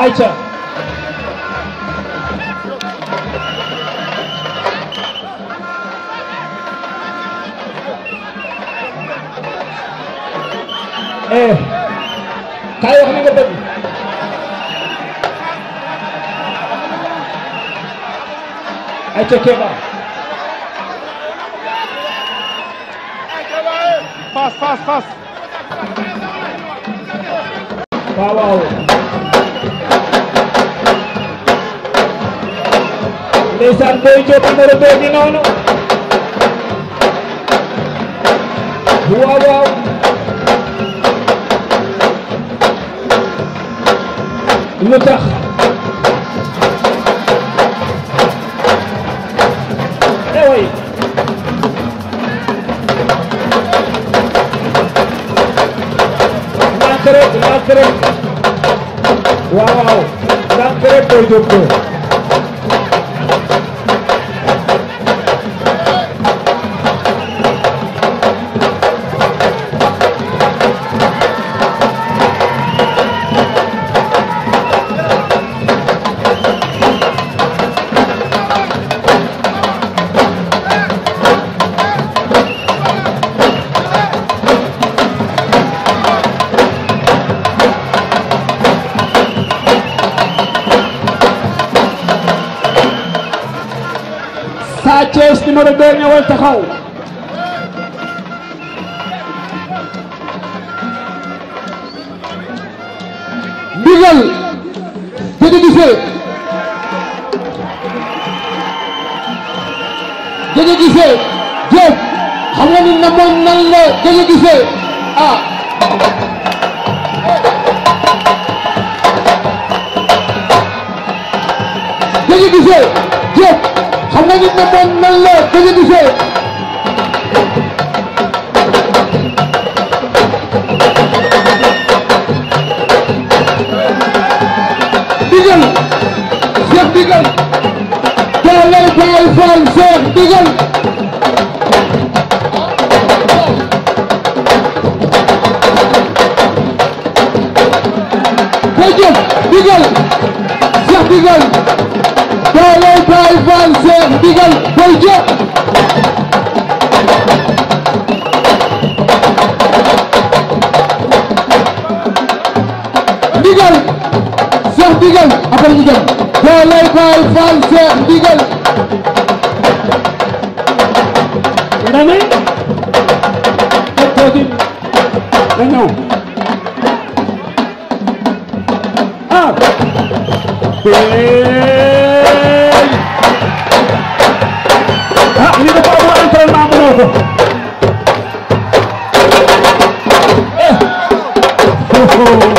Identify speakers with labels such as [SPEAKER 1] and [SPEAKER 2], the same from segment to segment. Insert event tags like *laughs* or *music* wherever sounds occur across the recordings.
[SPEAKER 1] ayca eh kaay wax li nga bëgg ayca Kéba pass pass pass waaw waaw ndeysaan Boy Diop numéro 2 bi noonu waaw waaw lu eh, waaw waaw ndànk numéro 2 ñëwal taxaw. ndigal Dedy Guissé Dedy Guissé Diop xam nga ni namoon nan la Dedy Guissé ah Dedy Guissé Diop xam nga nit na moom nan la ko ñu gisee digal Cheikh digal doolay Baay Faal
[SPEAKER 2] Cheikh digal ko jëf
[SPEAKER 1] digal Dale Baye Fall Cheikh Ndigal Boy Diop Ndigal Cheikh Ndigal après ñu dem Dale Baye Fall Cheikh Ndigal Dame Todi Dañu Ah waay ah lii dafa amul entraînement mënoo ko eh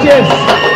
[SPEAKER 1] Thiès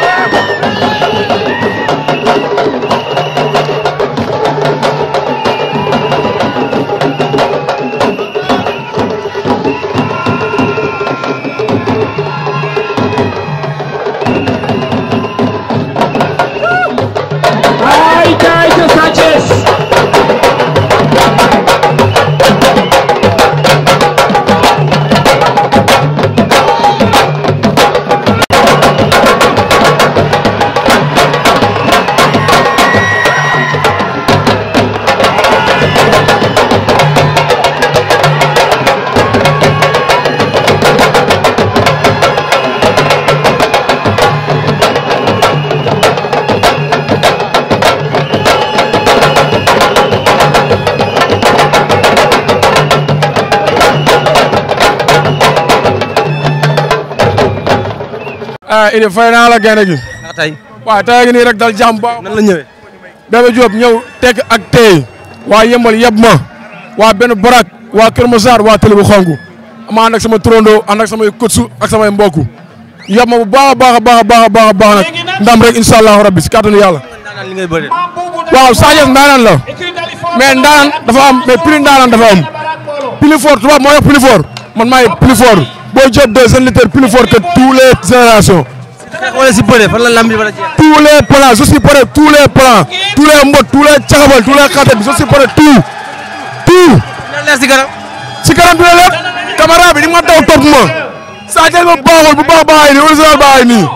[SPEAKER 1] ah Idy a naa la gaynde gi. ndax tey. waaw tey gi nii rek la ñëwee. Bébé Diop ñëw tekk ak tey. waa yëmbal ma. waa benn barak. waa Kër Masar waa télé bu xonk. ma ànd ak sama turandoo ànd ak samay kotsu ak samay mbokk. yeb ma bu baax a baax a baax a baax a baax nag. ndam rek incha allahu rabbi si kàttanu yàlla. waaw Sadio ndaanaan la. mais ndaanaan dafa am mais plus ndaanaan dafa am. plus fort tubaab moo yor plus fort man maay plus fort. Boy Diop 2 c'est un lutteur plus fort que toutes les générations. tous les plans je suis prêt tous les plans tous les mbot tous les caxabal tous les xatet je suis prêt tout tout. si kanam dina lépp caméra bi ni ma daw topp ma. saa jël ma baaxul bu baax baaxee nii original baaxee nii.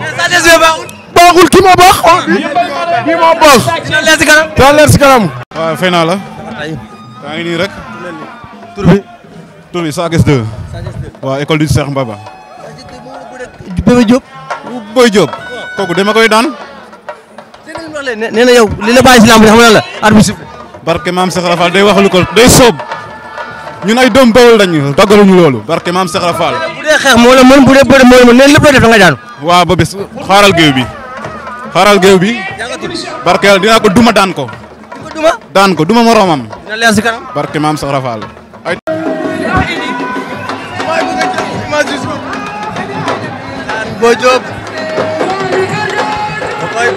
[SPEAKER 1] baaxul ki ma baax. ki ma baax. dina leer si kanam dina leer si kanam. waaw fay naa la. yaa ngi nii rek. tur bi tur bi Sa Thiès 2. waaw école du Cheikh Mbaba. Bébé Diop. Boy Diop. kooku dama koy daan. nee na yow li la bàyyi si lamb bi xam nga la arbitre siffle. barke maam Cheikh Rafal day waxalu ko day soob ñun ay doom bawul lañu daggaluñu loolu barke maam Cheikh Rafal. bu dee xeex moo la mën bu dee bëri moo la mën nee lépp loo def nga daanu. waaw ba bés xaaral géew bi xaaral géew bi barke yàlla dinaa ko duma daan ko. duma daan ko duma moromam. dina leer si kanam barke maam Cheikh Rafal
[SPEAKER 2] Boy Diop Rokoy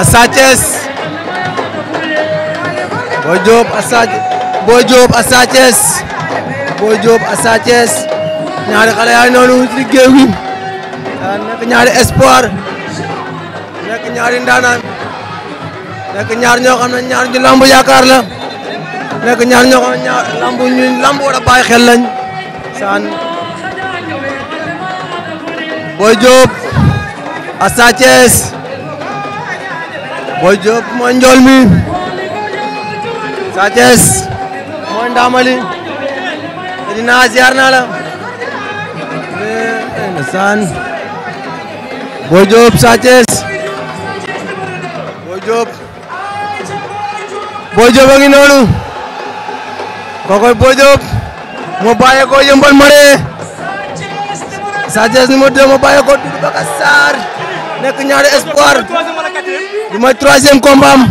[SPEAKER 2] a Sathies Boy a Sathies Boy a Sathies ñaari xale yaa noonu ci géew gi nekk ñaari espoir nekk ñaari ndaanaan nekk ñaar ñoo xam ne ñaar ñu lamb yaakaar la nekk ñaar ñoo xam ne ñaar lamb ñu lamb war a bàyyi xel saan Boy Diop ak Sa Thiès Boy Diop mooy njool mi Sa Thiès mooy ndaamali te dinaa ziar naa la eh, ndeysaan Boy Diop Sa Thiès Boy Diop a ngi noonu kookoy Boy Diop moo bàyyeekoo yëmbal mare Sa Thiès numéro 2 ma bàyyi ko Doudou Baka Sarr nekk ñaari espoir du mooy troisième combat am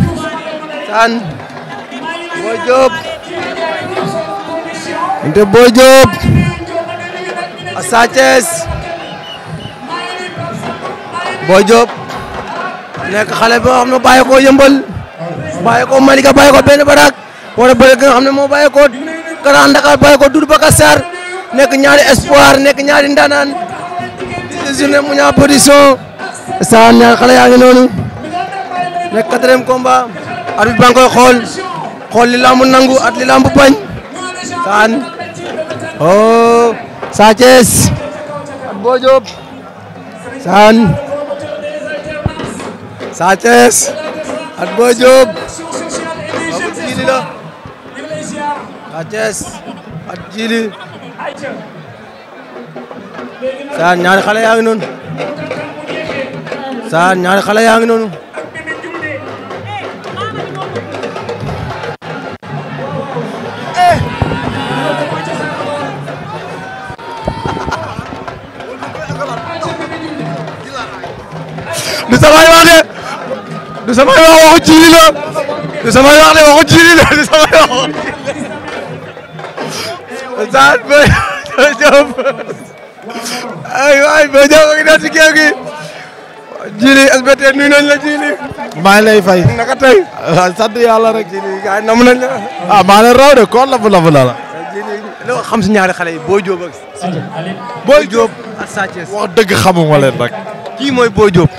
[SPEAKER 2] saan Boy Diop nte Boy Diop a Sa Thiès Boy Diop nekk xale xam ne Malika bàyyi ko barak wala bëri nga xam ne moo bàyyi ko Grand nekk ñaari espoir nekk ñaari ndaanaan saan ñaar xale ngi noonu nekk quatrième combat arbitre baa ngi koy li lamb nangu at li lamb saan oh Sa Thiès saan Sa Thiès at jiili la Sa Thiès Saan ñaari xale yaa ngi noonu Saan ñaari xale yaa ngi noonu Diop ay waay Mbaye Diop a ngi doon ci géew gi jili SBT la jili maa ngi lay fay naka tey
[SPEAKER 1] waaw sant yàlla rek jili
[SPEAKER 2] gaay nam nañ la ah raw de
[SPEAKER 1] koon lafu lafu la la jili
[SPEAKER 2] loo xam si ñaari xale yi Boy Diop ak Boy Diop ak Sa dëgg xamuma leen kii mooy Boy Diop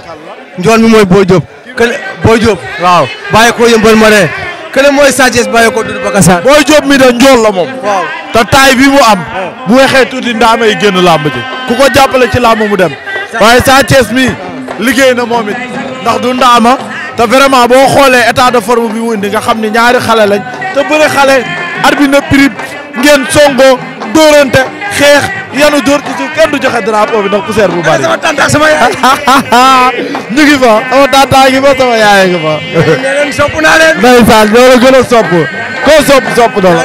[SPEAKER 2] njool mi mooy Boy Diop kene Boy Diop waaw bàyyi ko yëmbal ma ne kene mooy Sa Thiès Baka Sarr Boy mi da njool la moom te
[SPEAKER 1] taay bi mu am bu weexee tuuti ndaamay génn làmb ji ku ko jàppale ci làmb mu dem waaye Sa Thiès mi liggéey na moom it ndax du ndaama te vraiment boo xoolee état de forme bi mu indi nga xam ni ñaari xale lañ te bëre xale ar bi na prib ngeen songo dóorante xeex yanu dóor ci suuf kenn du joxe drapeau bi ndax poussière bu bari sama tante ak sama yaay *laughs* ñu ngi fa sama tante ngi fa sama yaay ngi fa *laughs* ndeysaan gën a sopp koo sopp sopp na la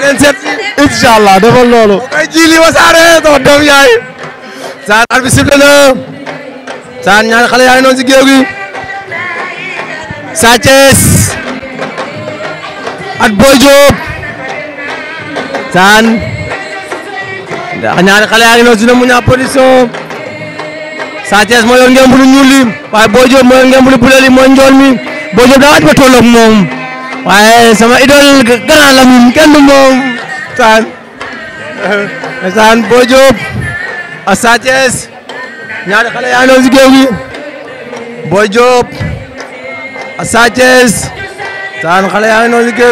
[SPEAKER 1] incha allah defal
[SPEAKER 2] loolu. kay jiili wasaare sama doom yaay. Sane arbi sifflé na Sane ñaari xale yaa ngi noonu si géew gi. Sa Thiès ak Boy Diop. Sane ndax ñaari xale yaa ngi noonu si ne mu ñaa position. Sa Thiès moo yor ngeen bulu ñuul li waaye Boy Diop moo yor ngeen bulu buleel li mooy njool mi Boy Diop daa waaj ba toll ak moom. waaye sama idole grand la moom kenn du moom saan *laughs* saan Bo Diop ak Sa Thiès ñaari xale yaa ngi si saan xale yaa ngi si géew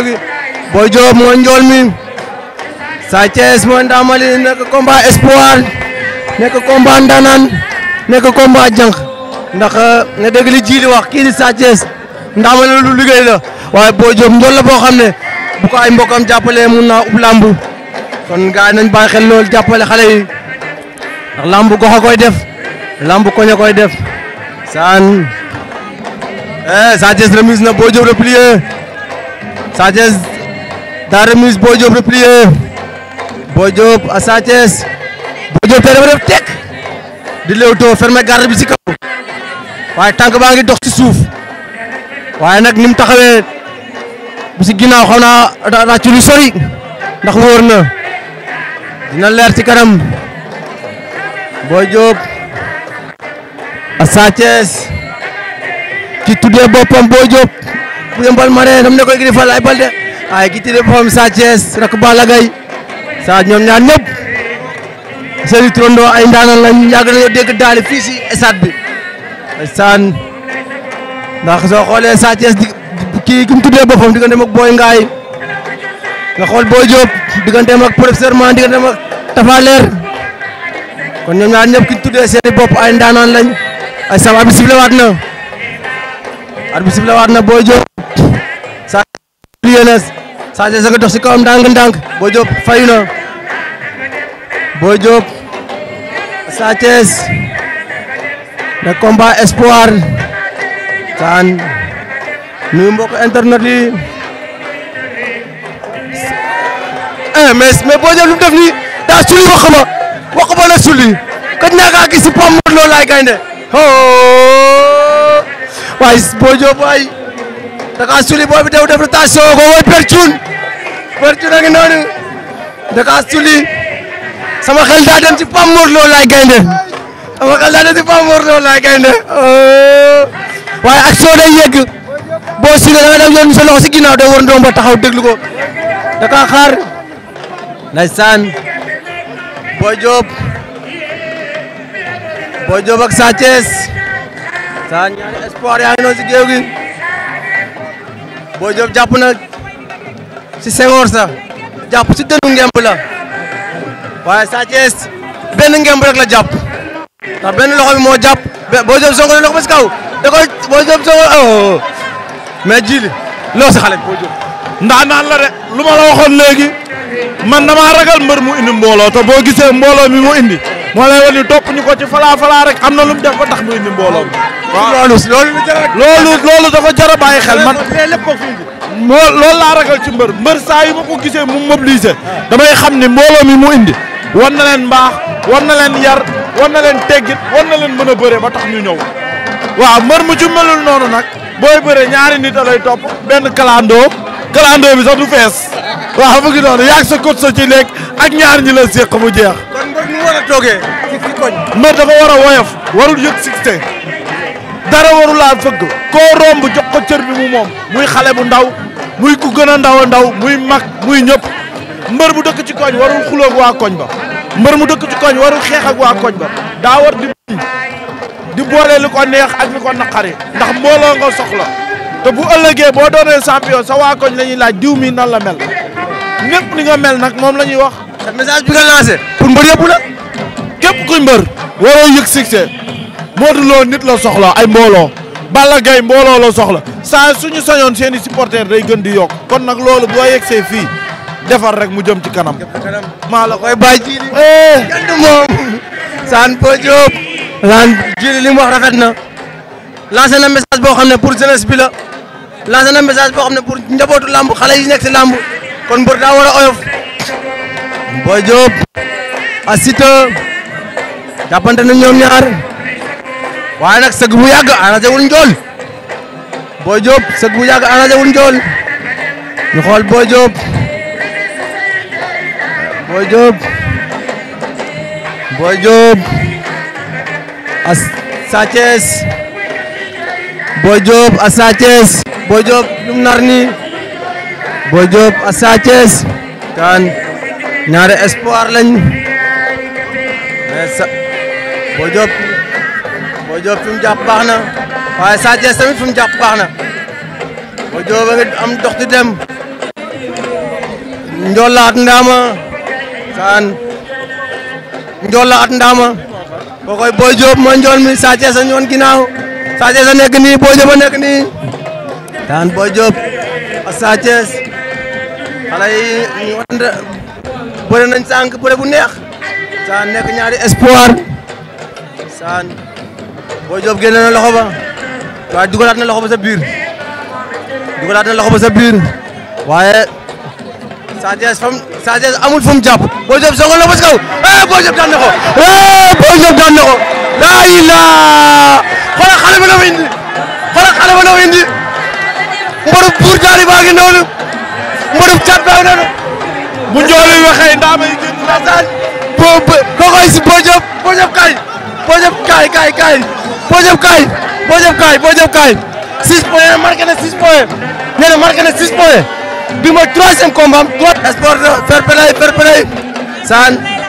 [SPEAKER 2] gi mi Sa Thiès moo ndamali nekk combat espoir nekk combat ndanan nekk combat jànq ndax nga dégg li jiili wax kii ndaama la lu liggéey la waaye Boy Diop ndool la boo xam ne bu ko ay mbokkam jàppalee mun na ub làmb kon gars yi nañ bàyyi xel loolu jàppale xale yi ndax làmb gox koy def làmb koñ koy def saan eh Sa Thiès na Boy Diop replié Sa Thiès daa remise Boy Diop replié Boy Diop à def tekk di léew too fermé garde bi si kaw waaye tànk baa ngi dox si suuf waaye nag ni mu taxawee bu ginnaaw xaw naa ràcc sori ndax wóor na dina leer ci kanam Boy Diop a Sa Thiès ki tuddee boppam Boy Diop bu yembal mare dam ne koy gidi fal ay balde ay ki tuddee boppam Sa Thiès rak Balla ñoom ñaar ñëpp seeni turandoo ay ndaanan lañ yàgg nañoo dégg daali fii si bi ndax soo xoolee Sa Thiès di kii ki mu tuddee boppam digganteem ak Boy Ngaay nga xool Boy Diop digganteem ak professeur Man digganteem ak Tafaleer kon ñoom ñaar ñëpp ki tuddee seeni bopp ay ndaanaan lañ ay sam arbitre sifflé waat na arbitre sifflé waat na Boy Diop Sa Thiès Sa nga dox si kawam ndànk-ndànk Boy Diop fayu na Boy Diop Sa Thiès espoir waxtaan nuyu mbokk internet yi eh mais mais boo lu mu def nii daa sulli wax ma wax naa kaa gis si PAM loolu laay gaynde waay boo ñëw waay da kaa sulli boobu daw def rotation ko woy percune percune ngi noonu da kaa sama xel daa dem ci PAM loolu laay gaynde sama xel daa dem ci PAM loolu laay gaynde waaye ak day yegg boo si ne da nga dem si ginnaaw day war ndomba taxaw déglu ko da kaa xaar. ndeysaan Boy Diop Boy ak Sa Thiès saa espoir yaa ngi si géew gi Boy Diop jàpp na si Senghor sa jàpp si dënnu ngemb la waaye Sa Thiès benn ngemb rek la jàpp ndax benn loxo moo jàpp Boy Diop songo na loxo ba kaw da koy boo jëm sama oh mais jili loo si
[SPEAKER 1] xale boo jëm ndax naan la de lu ma la waxoon léegi man damaa ragal mbër mu indi mbooloo te boo gisee mbooloo mi mu indi moo lay wan ni topp ñu ko ci falaa falaa rek am na lu mu def ba tax mu indi mbooloo mi. waaw loolu loolu loolu dafa jar a bàyyi xel man. loolu laa ragal ci mbër mbër saa yu ma ko gisee mu mobilisé damay xam ni mbooloo mi mu indi wan na leen mbaax wan na leen yar war na leen teggit war na leen mën a bëree ba tax ñu ñëw. waaw mbër mu ci melul noonu nag booy bëre ñaari nit a lay topp benn kalandoo kalandoo bi sax du fees waaw mu ngi noonu yaag sa kot sa ci lekk ak ñaar ñi la séq jeex. kon mbër mu war a toogee ci ci koñ. mbër dafa war a woyof warul yëg sixte dara waru fëgg koo romb jox ko cër bi mu moom muy xale bu ndaw muy ku gën a ndaw a ndaw muy mag muy ñëpp mbër bu dëkk ci koñ warul xulóog waa koñ ba mbër mu dëkk ci koñ warul xeex ak waa koñ ba daa war di di boole ko neex ak lu ko naqari ndax te bu ëllëgee boo doonee champion sa waa koñ la ñuy laaj diw mi nan la mel ñëpp ni nga mel nag moom la ñuy wax. message bi nga mbër yëpp la. képp kuy mbër. waroo yëg moo Modou Lo nit la soxla ay mbooloo. bala gay mbooloo la soxla saa suñu sañoon seen i day gën di yokk kon nag loolu boo yegsee fii defar rek mu jëm ci kanam. maa
[SPEAKER 2] eh. saan po lan jili li mu wax rafet na lancé na message boo xam ne pour jeunesse bila la lancé na message xam ne pour njabootu làmb xale yi nekk si làmb kon mbër daa war a oyof Boy Diop a Siteu jàppante na ñoom ñaar waaye nag sëg bu yàgg arrangé njool Boy Diop sëg bu yàgg arrangé njool ñu xool Boy Diop Boy Diop Boy Diop ak Sa Thiès Boy Diop ak Sa nar ni Boy Diop ak Sa Thiès ñaari espoir lañ mais Boy Diop Boy mu jàpp baax na waaye Sa Thiès tamit fi mu jàpp baax na Boy Diop a kookoy Boy Diop mooy njool mi Sa Thiès ñoon ginnaaw Sa Thiès nekk nii Boy Diop a nekk nii daan Boy Diop ak Sa Thiès xale yi ñu ànd bëre nañ sànq bëre bu neex saan nekk ñaari espoir saan Boy Diop génne na loxo ba waaye dugalaat na loxo ba sa biir dugalaat na loxo sa biir waaye Sa Thiès amul fu mu jàpp Boy Diop songal na bës kaw eh ko eh Boy Diop ko laa ilaa xoolal xale ba noo indi xale ba noo indi buur jaari baa ngi cat baa ngi noonu bu njoolu waxee ndaa may génn ndaa boo kokoy si Boy Diop Boy Diop kaay Boy Diop kaay kaay kaay Boy Diop kaay na 6 points nee na bi ma troisième combat. sport fair play fair play saan.